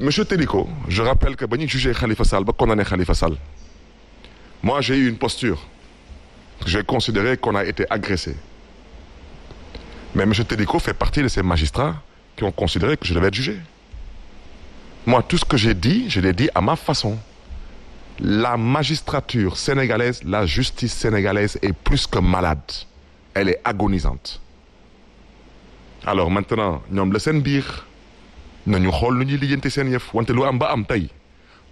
monsieur Téliko je rappelle que ba ñuy jugé Khalifa Sall ba condamné Khalifa Sall moi j'ai eu une posture j'ai considéré qu'on a été agressé mais monsieur Téliko fait partie de ces magistrats qui ont considéré que je devais être jugé moi tout ce que j'ai dit je l'ai dit à ma façon la magistrature sénégalaise la justice sénégalaise est plus que malade elle est agonisante alors maintenant ñoom la seen biir nañu xool nu ñuy lijjanti seen yëf wante lu am ba am tey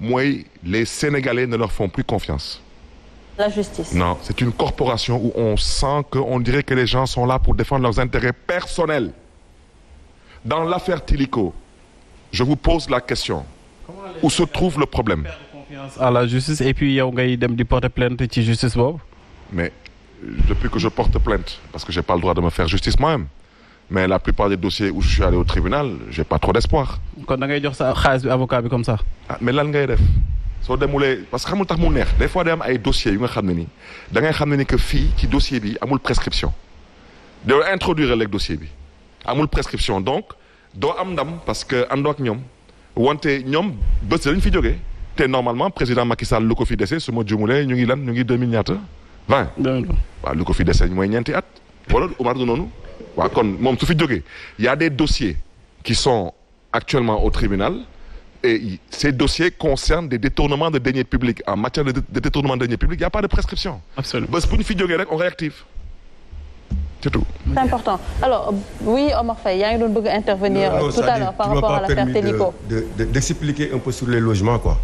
mooy les Sénégalais ne leur font plus confiance. la justice. non c'est une corporation où on sent on dirait que les gens sont là pour défendre leurs intérêts personnels. dans l'affaire Tilico je vous pose la question. où se trouve le problème. à la justice et puis yow ngay dem di porter ci mais euh, depuis que je porte plainte parce que j'ai pas le droit de me faire justice mais la plupart des dossiers où je suis allé au tribunal j'ai pas trop d'espoir. kon da ngay jox sa xaalis bi avocat bi comme ça. ah mais lan ngay def soo demulee parce que xamul tax mu neex des fois day ay dossiers yu nga xam ne ni dangay xam ne ni que fii ci dossier bi amul prescription doo introduire léegi dossier bi amul prescription donc doo am ndam parce que àndoo ak ñoom wante ñoom bés lañ fi jóge te normalement président Macky Sall lu ko fi dese su ma jumulee ñu ngi lan ñu ngi deux mille ñaata vingt. waaw ko fi dese mooy ñeenti at wala Umar du noonu. waaw kon moom su fi jógee y a des dossiers qui sont actuellement au tribunal et ces dossiers concernent des détournements de deniers publics en matière de, de détournement de deniers publics y a pas de prescription. absolument bés bu ñu fi jógee rek on réactive. c'est tout. c'est important alors oui Omar Faye yaa ngi doon bëgg intervenir. Non, euh, non, tout à l'heure par rapport à l'affaire Télico de, quoi.